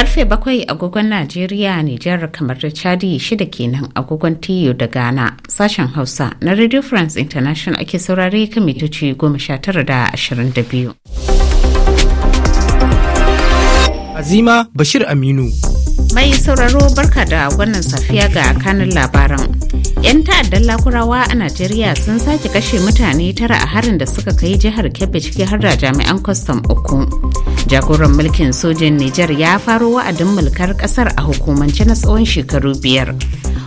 Karfe bakwai agogon Najeriya, Nijar kamar da Chadi shida kenan agogon tiyo da Ghana sashen Hausa na Radio France International ake saurare kan mitoci goma sha tara da ashirin da biyu. Azima Bashir Aminu. Mai sauraro barka da wannan safiya ga kanin labaran. 'yan ta'addan lakurawa a najeriya sun sake kashe mutane tara a harin da suka kai jihar kebbi ciki har da jami'an kwastam uku jagoran mulkin sojin Nijar ya faro wa'adin mulkar kasar a hukumance na tsawon shekaru biyar.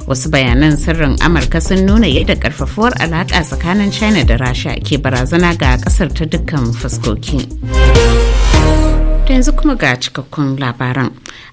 Wasu bayanan sirrin Amurka sun nuna yadda karfafuwar alaƙa tsakanin China da Rasha ke barazana ga kasar ta dukkan fuskoki. yanzu kuma ga cikakkun labaran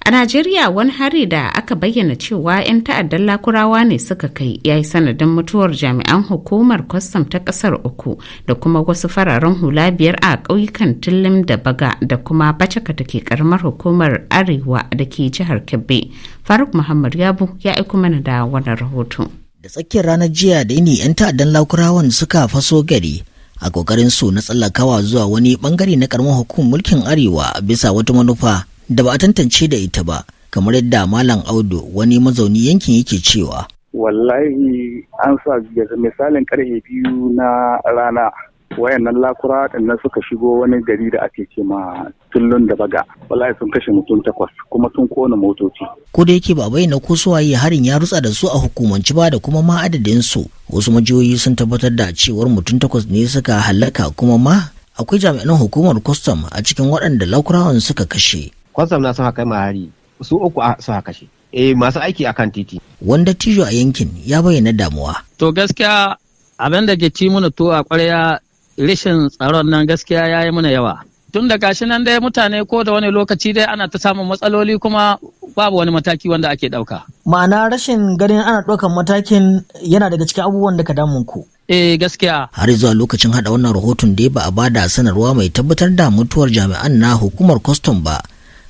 a najeriya wani hari da aka bayyana cewa 'yan ta'addan lakurawa ne suka kai ya yi sanadin mutuwar jami'an hukumar kwastam ta kasar uku da kuma wasu fararen hula biyar a ƙauyukan tillim da baga da kuma bacaka da ke karamar hukumar arewa da ke jihar kebbi faruk muhammad yabu ya aiko mana da wannan rahoto da tsakiyar ranar jiya da yini 'yan ta'addan lakurawan suka faso gari a kokarin su na tsallakawa zuwa wani ɓangare na ƙaramar hukumar mulkin arewa bisa wata manufa da ba a tantance da ita ba kamar yadda malam audu wani mazauni yankin yake cewa wallahi an sa misalin karfe biyu na rana wayannan lakura waɗannan suka shigo wani gari da ake ce ma tullun da baga wallahi sun kashe mutum takwas kuma sun kona motoci ko da yake ba bayyana ko suwaye harin ya rutsa da su a hukumanci ba da kuma ma adadin su wasu majiyoyi sun tabbatar da cewar mutum takwas ne suka halaka kuma ma akwai jami'an hukumar kwastam a cikin waɗanda lakurawan suka kashe kwastam na sun haka hari su uku su haka kashe eh masu aiki akan titi wanda tijo a yankin ya bayyana damuwa to gaskiya abin da ke ci mana to a ƙwarya rashin tsaron nan gaskiya ya yi mana yawa tun da gashi nan dai mutane ko da wani lokaci dai ana ta samun matsaloli kuma babu wani mataki wanda ake ɗauka. ma'ana rashin ganin ana ɗaukan matakin yana daga cikin abubuwan da ka damun ku eh gaskiya har zuwa lokacin hada wannan rahoton da ba a bada sanarwa mai tabbatar da mutuwar jami'an na hukumar kwastam ba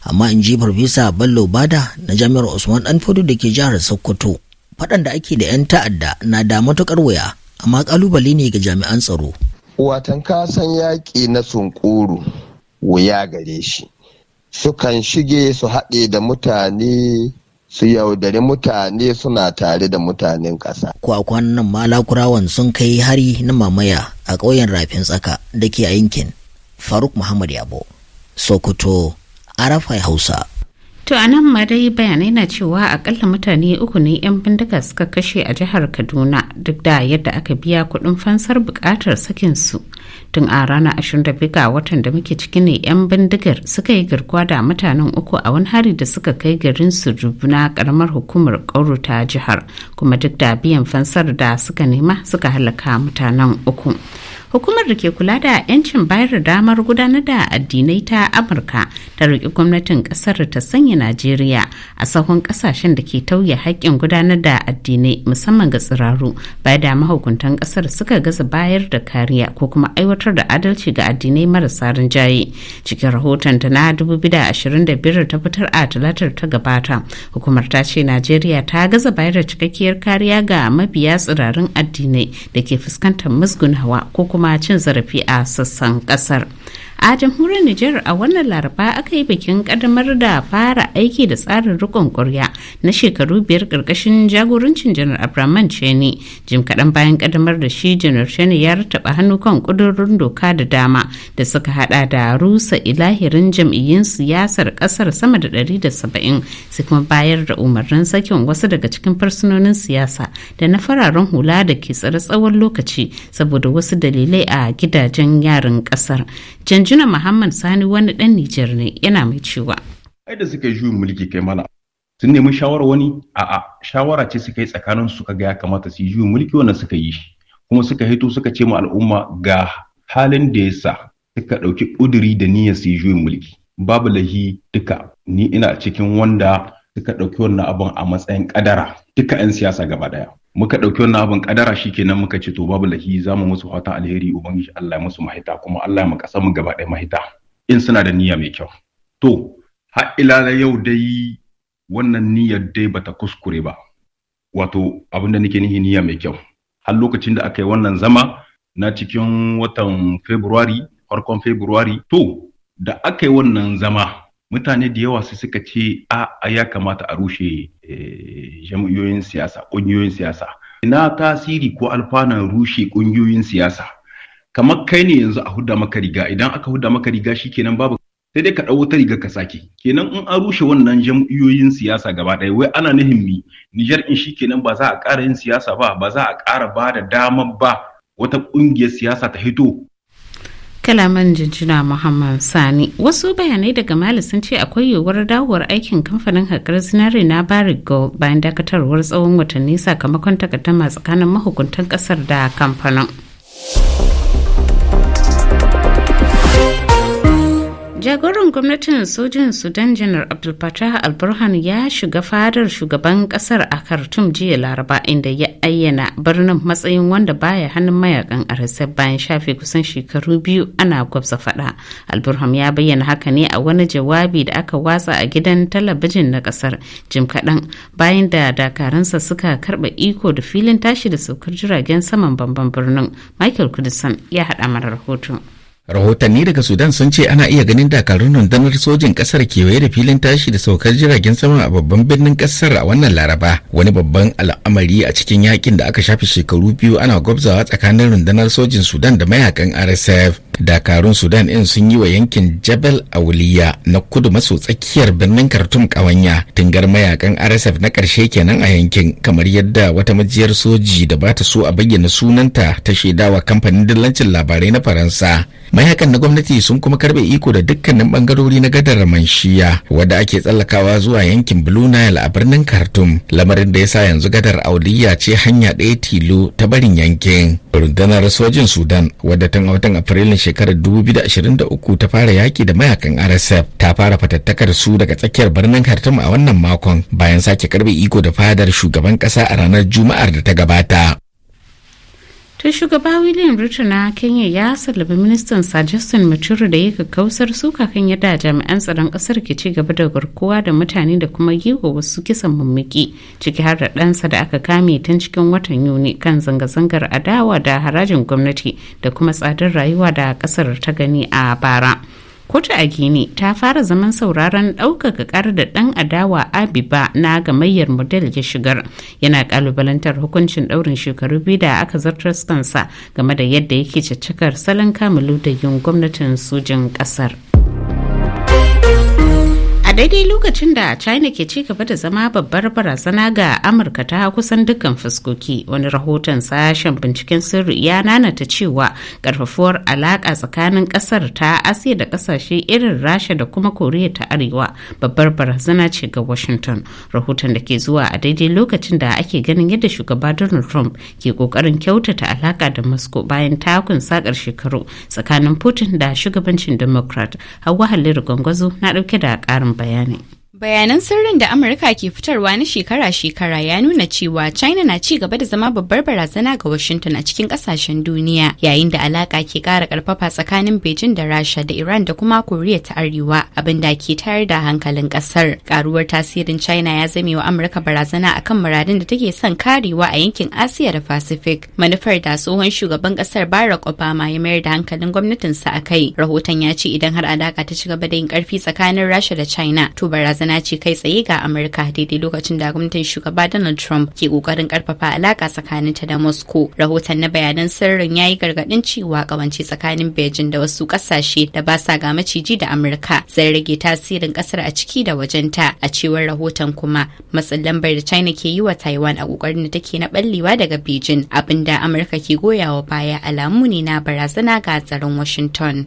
amma in ji farfesa ballo bada na jami'ar usman danfodo da ke jihar sokoto faɗan da ake da 'yan ta'adda na da matuƙar waya amma ƙalubale ne ga jami'an tsaro watan kasan yaƙi na sunkuru wuya gare shi sukan shige su haɗe da mutane su yaudari mutane suna tare da mutanen ƙasa. kwakwan nan malakurawan sun kai hari na mamaya a ƙauyen rafin tsaka da ke a yankin faruk muhammad yabo sokoto arafai hausa To a nan ma dai bayanai na cewa akalla mutane uku ne 'yan bindiga suka kashe a jihar Kaduna duk da yadda aka biya kuɗin fansar buƙatar sakinsu. tun a ranar ashirin 25 ga watan da muke ciki ne 'yan bindigar suka yi garkuwa da mutanen uku a wani hari da suka kai garin su na karamar hukumar kauru ta jihar kuma duk da biyan fansar da suka nema suka halaka mutanen uku hukumar da ke kula da 'yancin bayar da damar gudanar da addinai ta amurka ta roƙi gwamnatin ƙasar ta sanya najeriya a sahun ƙasashen da ke tauye haƙƙin gudanar da addinai musamman ga tsiraru baya da mahukuntan ƙasar suka gaza bayar da kariya ko kuma aiwatar da adalci ga addinai marasa rinjaye cikin rahoton ta na 2025 ta fitar a talatar ta gabata hukumar ta ce najeriya ta gaza bayar da cikakkiyar kariya ga mabiya tsirarin addinai da ke fuskantar hawa ko kuma cin zarafi a sassan kasar a jamhuriyar Nijar a wannan laraba aka yi bikin kadamar da fara aiki da tsarin rikon kurya na shekaru biyar karkashin jagorancin janar abraman cheni jim kadan bayan kadamar da shi janar cheni ya rataba hannu kan ƙudurin doka da dama da suka hada da rusa ilahirin jam'iyyun siyasar ƙasar sama da ɗari da saba'in sai kuma bayar da umarnin sakin wasu daga cikin fursunonin siyasa da na fararen hula da ke tsare tsawon lokaci saboda wasu dalilai a gidajen yaran ƙasar. Jinan Muhammad Sani wani ɗan Nijar ne yana mai cewa. Ai da suka yi juyin mulki kai mana sun nemi shawara wani a'a shawara ce suka yi tsakanin su kaga ya kamata su yi juyin mulki wannan suka yi kuma suka hito suka ce ma al'umma ga halin da ya sa suka ɗauki ƙuduri da niyyar su yi juyin mulki babu lahi duka ni ina cikin wanda suka ɗauki wannan abin a matsayin ƙadara duka 'yan siyasa gaba ɗaya muka ɗauki wannan abin shi kenan muka ce to babu lahi za mu musu fata alheri ubangiji Allah ya musu mahita kuma Allah ya mu kasar mu gaba ɗaya mahita in suna da niyya mai kyau to har ila yau dai wannan niyyar dai bata kuskure ba wato abinda nake nihi niyya mai kyau har lokacin da aka yi wannan zama na cikin watan February farkon February to da aka yi wannan zama mutane da yawa su suka ce a ya kamata a rushe eh, jam'iyoyin siyasa ƙungiyoyin siyasa ina tasiri ko alfanan rushe ƙungiyoyin siyasa kamar kai ne yanzu a huda maka riga idan aka huda maka riga shikenan babu sai dai ka ɗau wata riga ka sake kenan in an rushe wannan jam'iyoyin siyasa gaba ɗaya wai ana nihin mi Nijar in shikenan ba za a ƙara yin siyasa ba ba za a ƙara ba da damar ba wata ƙungiyar siyasa ta hito kalaman jinjina muhammad sani wasu bayanai daga mali sun ce akwai yiwuwar dawowar aikin kamfanin haƙar zinare na barrick gold bayan dakatarwar tsawon watanni sakamakon takatama tsakanin mahukuntan ƙasar da kamfanin jagoran gwamnatin sojin sudan janar abdulfatah al-burhan ya shiga fadar shugaban kasar a khartoum jiya laraba inda ya ayyana birnin matsayin wanda baya hannun mayakan rsf bayan shafe kusan shekaru biyu ana gwabza fada al-burhan ya bayyana haka ne a wani jawabi da aka watsa a gidan talabijin na kasar jim kaɗan bayan da dakaransa suka karba iko da filin tashi da saukar jiragen saman bamban birnin michael kudisan ya hada mana rahoto. rahotanni daga sudan sun ce ana iya ganin dakarun rundunar sojin ƙasar kewaye da filin tashi da saukar jiragen sama a babban birnin ƙasar a wannan laraba wani babban al'amari a cikin yakin da aka shafe shekaru biyu ana gwabzawa tsakanin rundunar sojin sudan da mayakan rsf dakarun sudan in sun yi wa yankin jabal auliya na kudu maso tsakiyar birnin khartoum kawanya tungar mayakan rsf na karshe kenan a yankin kamar yadda wata majiyar soji da ba ta so a bayyana sunanta ta shaidawa kamfanin dillancin labarai na faransa hakan na gwamnati sun kuma karbe iko da dukkanin bangarori na gadar manshiya wadda ake tsallakawa zuwa yankin blue nile a birnin khartoum lamarin da ya sa yanzu gadar auliya ce hanya ɗaya tilo ta barin yankin rundunar sojin sudan wadda tun a watan afrilun shekarar 2023 ta fara yaki da mayakan rsf ta fara fatattakar su daga tsakiyar birnin khartoum a wannan makon bayan sake karbe iko da fadar shugaban ƙasa a ranar juma'ar da ta gabata ta shugaba william ruto na kenya ya sallaba ministan sa justin muturu da ya kakkausar suka kan yadda jami'an tsaron kasar ke ci gaba da garkuwa da mutane da kuma yiwa wasu kisan mummuki ciki har da ɗansa da aka kame tun cikin watan yuni kan zanga-zangar adawa da harajin gwamnati da kuma tsadar rayuwa da kasar ta gani a bara kotu a gini ta fara zaman sauraron ɗaukaka kar da ɗan adawa abiba na gamayyar model ya shigar yana ƙalubalantar hukuncin ɗaurin shekaru biyu da aka zartar kansa game da yadda yake caccakar salon kamalu da yin gwamnatin sojin ƙasar. daidai lokacin da china ke ci gaba da zama babbar barazana ga amurka ta kusan dukkan fuskoki wani rahoton sashen binciken sirri ya nanata cewa karfafuwar alaka tsakanin kasar ta asiya da kasashe irin rasha da kuma koriya ta arewa babbar barazana ce ga washington rahoton da ke zuwa a daidai lokacin da ake ganin yadda shugaba donald trump ke kokarin kyautata alaka da moscow bayan takun sakar shekaru tsakanin putin da shugabancin democrat hawa halliru gwangwazo na dauke da karin bayani Danny. Bayanan sirrin da Amurka ke fitarwa na shekara-shekara ya nuna cewa China na ci gaba da zama babbar barazana ga Washington a cikin kasashen duniya, yayin da alaka ke kara karfafa tsakanin Beijing da Rasha da Iran da kuma korea ta Arewa, abin da ke tayar da hankalin kasar Karuwar tasirin China ya zame wa Amurka barazana kan muradin da take son karewa a yankin Asiya da Pacific, manufar da tsohon shugaban ƙasar Barack Obama ya mayar da hankalin gwamnatinsa a kai. Rahoton ya ce idan har alaka ta ci gaba da yin karfi tsakanin Rasha da China, to barazana barazana ce kai tsaye ga Amurka daidai lokacin da gwamnatin shugaba Donald Trump ke kokarin karfafa alaka ta da Moscow. Rahoton na bayanan sirrin yayi gargadin cewa kawance tsakanin Beijing da wasu kasashe da ba sa ga maciji da Amurka zai rage tasirin kasar a ciki da wajenta a cewar rahoton kuma matsin lambar da China ke yi wa Taiwan a kokarin da take na ballewa daga Beijing abinda Amurka ke goyawa baya alamu ne na barazana ga tsaron Washington.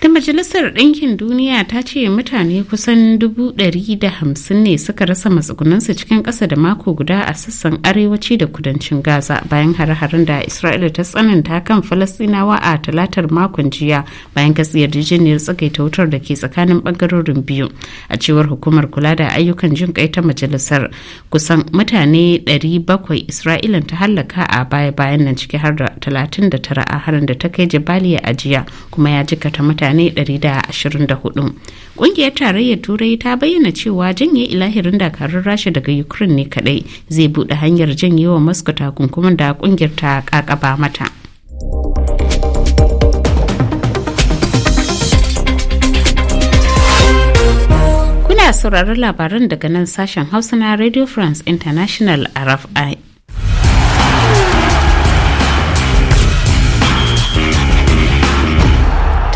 ta majalisar ɗinkin duniya ta ce mutane kusan dubu da hamsin ne suka rasa matsugunansu cikin ƙasa da mako guda a sassan arewaci da kudancin gaza bayan hare-haren da isra'ila ta tsananta kan falastinawa a talatar makon jiya bayan katsi yarjejeniyar tsagaita wutar da ke tsakanin ɓangarorin biyu a cewar hukumar kula da ayyukan jin kai ta majalisar kusan mutane 700 isra'ila ta hallaka a baya-bayan nan ciki har da talatin 39 a harin da ta kai jibaliya a jiya kuma ya jikata ta mutane 124 ƙungiyar tarayyar turai ta bayyana cewa janye ilahirin dakarun rasha daga ukraine ne kadai zai buɗe hanyar janyewa moscow takunkumin da ƙungiyar ta kakaba mata sauraron labaran daga nan sashen hausa na radio france international rfi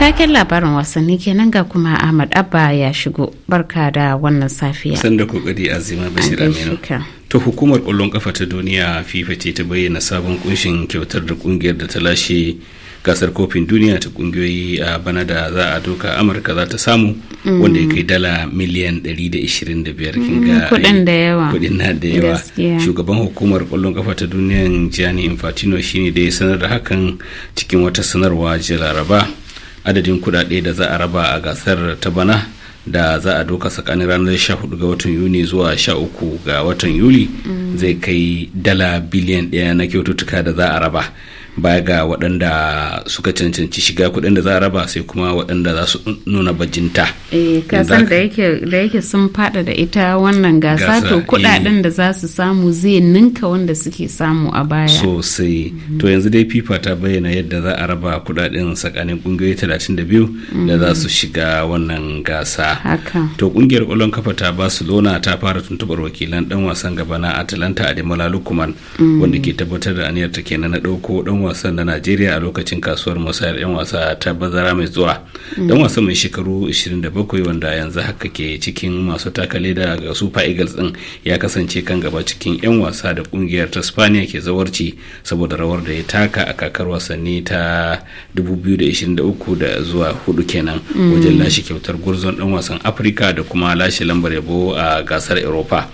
Taken labarin wasanni kenan ga kuma Ahmad Abba ya shigo. Barka da wannan safiya. Sanda kokari Azima Bashir Aminu. ta hukumar kwallon kafa ta duniya FIFA ce ta bayyana sabon kunshin kyautar da kungiyar da ta lashe gasar kofin duniya ta kungiyoyi a bana da za a doka amurka za ta samu mm. wanda ya kai dala miliyan 125 kinga kudin da yawa kudin da yawa shugaban hukumar kwallon kafa ta duniyan gianni infantino shine da ya sanar da hakan cikin wata sanarwa jalaraba. adadin kudade da za a raba a gasar ta bana da za a doka tsakanin ranar 14 ga watan yuni zuwa 13 ga watan yuli mm. zai kai dala biliyan daya na kyaututtuka da za a raba baya ga waɗanda suka cancanci shiga kuɗin da za a raba sai kuma waɗanda za su nuna bajinta. Eh, kasan da yake sun fada da ita wannan gasa to kuɗaɗen eh. da za su samu zai ninka wanda suke samu a baya. Sosai. Mhm. To yanzu dai FIFA ta bayyana yadda za a raba kuɗaɗen tsakanin ƙungiyoyi talatin da biyu da za su mhm. shiga wannan gasa. To ƙungiyar ƙwallon kafa ta Barcelona ta fara tuntuɓar wakilan ɗan wasan gaba na Atalanta Ademola Lukman mm. wanda ke tabbatar da aniyar ta kenan na ɗauko ɗan wasan na najeriya a lokacin kasuwar musayar 'yan wasa ta bazara mai zuwa dan wasan mai shekaru 27 wanda yanzu haka ke cikin masu takale da super eagles din ya kasance kan gaba cikin 'yan wasa da kungiyar ta spaniya ke zawarci saboda rawar da ya taka a kakar wasanni ta 2023 da zuwa hudu kenan wajen lashe kyautar gurzon dan wasan afirka da kuma lashe lambar yabo a gasar europa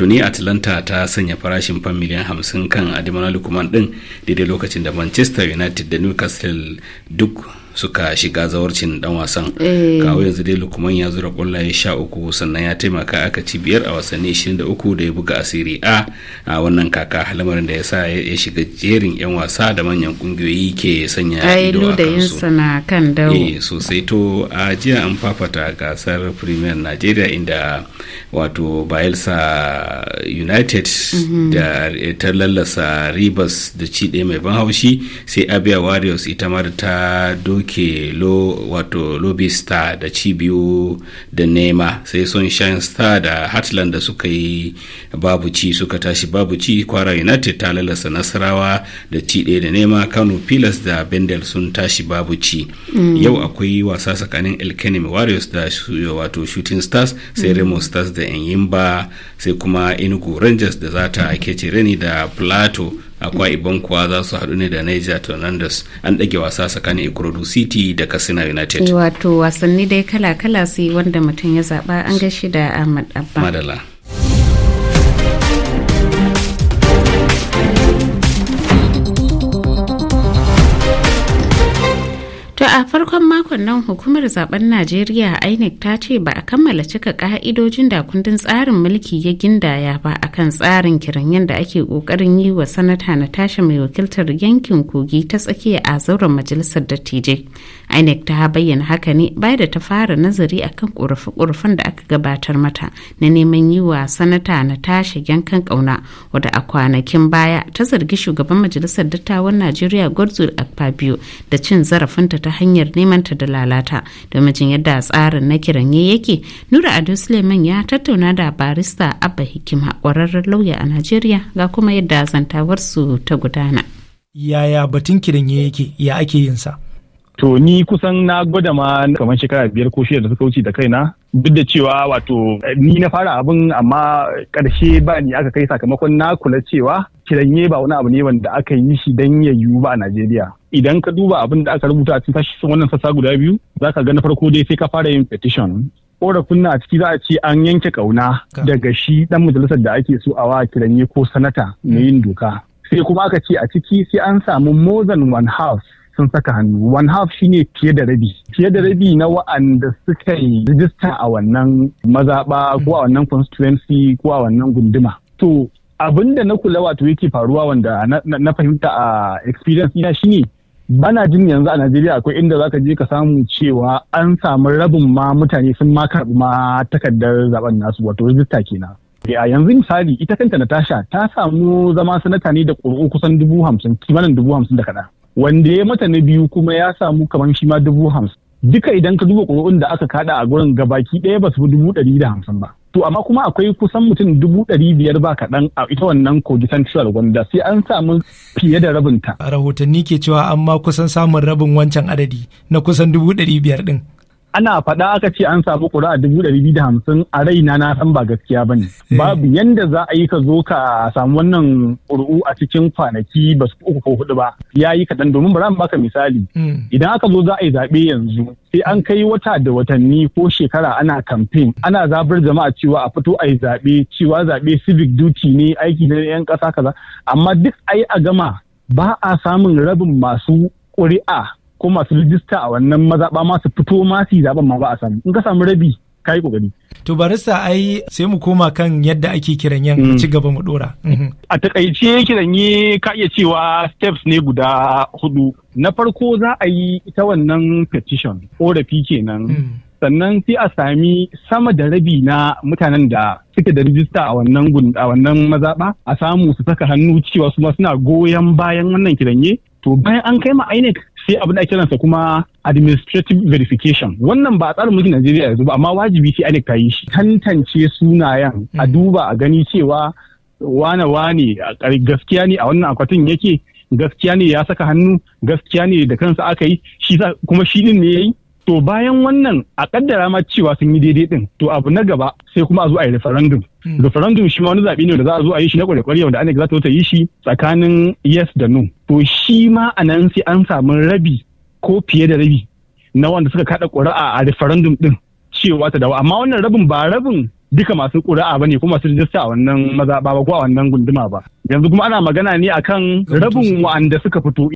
tuni atlanta ta sanya farashin fan miliyan hamsin kan na lukman din daidai lokacin da manchester united da newcastle duk suka shiga zawarcin dan wasan eh. kawo yanzu dai lukman ya zura kwallaye sha uku sannan ya taimaka aka ci biyar a wasanni ishirin da uku da ya buga asiri a a wannan kaka lamarin da ya sa ya shiga jerin yan wasa da manyan kungiyoyi ke sanya ido a kansu kan dawo eh, sosai to a jiya an fafata gasar premier nigeria inda wato bayelsa united mhm. da eh, ta lallasa ribas da ci ɗaya mai ban haushi sai abia warriors ita ma ta doke wato lobby star da cibiyu da nema sai sun shan star da heartland da suka yi babu ci suka tashi babu ci kwara united ta lalasa nasarawa da ci ɗaya da nema kano pilas da bendel sun tashi babu ci mm. yau akwai wasa tsakanin elkenim warriors da wato shooting stars sai mm. remo stars da enyimba sai kuma enugu rangers da za ta kece reni da plateau akwa ibon kuwa za su haɗu ne da niger tornadoes an ɗage wasa tsakanin ikorodu city da katsina united wato wasanni dai kala-kala sai wanda mutum ya zaɓa an gashi da ahmad abba madala To a farkon makon nan hukumar zaben Najeriya INEC ta ce ba a kammala cika ka'idojin da kundin tsarin mulki ya gindaya ba akan tsarin kiran yadda ake kokarin yi wa sanata na tashi mai wakiltar yankin kogi ta tsakiya a zauren majalisar dattijai. INEC ta bayyana haka ne bai da ta fara nazari akan ƙorafe-ƙorafen da aka gabatar mata na neman yi wa sanata na tashi yankan kauna wadda a kwanakin baya ta zargi shugaban majalisar dattawan Najeriya Godswill Akpabio da cin zarafinta ta ta hanyar neman ta da lalata domin jin yadda tsarin na kiranye yake nura ado suleiman ya tattauna da barista abba hikima kwararren lauya a najeriya ga kuma yadda zantawar su ta gudana yaya batun kiranye yake ya ake sa. To ni kusan na gwada ma kamar shekara biyar ko shida da suka wuce da kaina duk da cewa wato eh, ni na fara abin amma ƙarshe ba ni aka kai sakamakon na kula cewa kiranye ba wani abu ne wanda aka yi shi dan ya yiwu ba a Najeriya. Idan ka duba abin da aka rubuta a cikin sashen wannan sassa guda biyu za ka ga na farko dai sai ka fara yin petition. Korafin na a ciki za a ce an yanke kauna daga shi dan majalisar da ake so a wa kiranye ko sanata na mm. yin doka. Sai kuma aka ce a ciki sai an samu more than one house sun saka hannu one half shine fiye da rabi fiye da rabi na wa'anda suka yi rijista a wannan mazaɓa ko a wannan constituency ko a wannan gunduma to abin da na kula wato yake faruwa wanda na fahimta a experience ina shine bana jin yanzu a Najeriya akwai inda za ka je ka samu cewa an samu rabin ma mutane sun ma karɓi ma takardar zaben nasu wato rijista kenan a yanzu misali ita kanta Natasha ta samu zama sanata ne da ƙuri'u kusan dubu hamsin kimanin dubu hamsin da kaɗan wanda ya mata na biyu kuma ya samu kamar shi ma dubu hamsin duka idan ka duba ƙuri'un da aka kada a gurin gabaki ɗaya ba su fi dubu ɗari da hamsin ba to amma kuma akwai kusan mutum dubu ɗari biyar ba kaɗan a ita wannan kogi central gwanda sai an samu fiye da rabinta rahotanni ke cewa an ma kusan samun rabin wancan adadi na kusan dubu ɗari biyar ɗin ana faɗa aka ce an samu ƙuri'a dubu ɗari biyu da hamsin a raina na san ba gaskiya ba ne. Hmm. Babu yadda za a yi ka zo ka samu wannan ƙuru'u a cikin kwanaki ba su uku ko hudu ba. Ya yi kaɗan domin ba baka misali. Hmm. Idan aka zo za a yi zaɓe yanzu sai an kai wata da watanni ko shekara ana kamfen ana zabar jama'a cewa a fito a yi zaɓe cewa zaɓe civic duty ne aiki na 'yan ƙasa kaza amma duk ai a gama ba a samun rabin masu ƙuri'a ko masu rijista a wannan mazaɓa ma su fito masu su yi zaɓen ma ba a samu in ka samu rabi ka yi ƙoƙari. To barista ai sai mu koma kan yadda ake kiran yan ci mm. gaba mu dora. Mhm. A takaice kiran yi ka iya cewa steps ne guda hudu. Na farko za a yi ita wannan petition korafi kenan. Mm. Sannan sai a sami sama da rabi na mutanen da suke da rijista a wannan a wannan mazaɓa a samu su saka hannu cewa su ma suna goyon bayan wannan kiranye. To bayan an kai ma INEC sai abin da ake kiransa kuma administrative verification wannan ba a tsarin mulkin Najeriya yanzu ba amma wajibi sai an ta yi shi tantance sunayen a hmm. duba a gani cewa wane wane gaskiya ne a wannan akwatin yake gaskiya ne ya saka hannu gaskiya ne da kansa aka yi shi kuma shi din ne yayi to bayan wannan a kaddara ma cewa sun yi daidai din to abu na gaba sai kuma a zo a yi referendum hmm. referendum shi ma wani zaɓe ne da za a zo a yi shi na wanda ana za ta yi shi tsakanin yes da no to shi ma a nan sai an samu rabi ko fiye da rabi na wanda suka kaɗa ƙuri'a a referendum din cewa ta dawo amma wannan rabin ba rabin duka masu ƙuri'a ba ne kuma masu rijista a wannan mazaɓa ba ko a wannan gunduma ba yanzu kuma ana magana ne akan rabin wa'anda suka fito